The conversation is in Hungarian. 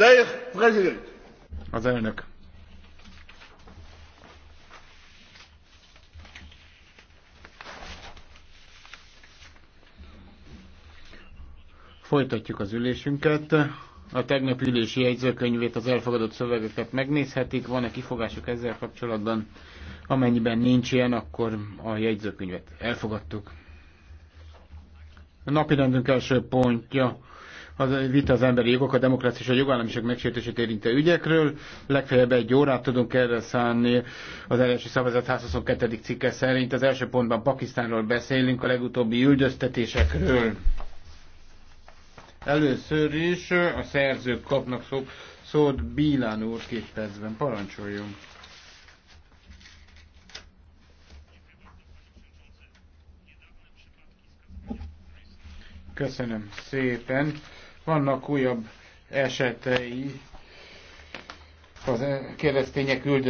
Der Präsident. Az elnök. Folytatjuk az ülésünket. A tegnapi ülési jegyzőkönyvét, az elfogadott szövegeket megnézhetik. Van-e kifogások ezzel kapcsolatban? Amennyiben nincs ilyen, akkor a jegyzőkönyvet elfogadtuk. A napirendünk első pontja az vita az emberi jogok, a demokrácia és a jogállamiság megsértését érintő ügyekről. Legfeljebb egy órát tudunk erre szállni az első szavazat 122. cikke szerint. Az első pontban Pakisztánról beszélünk, a legutóbbi üldöztetésekről. Először is a szerzők kapnak szó, szót Bílán úr két percben. Parancsoljunk. Köszönöm szépen. Vannak újabb esetei az e- keresztények üldözésének.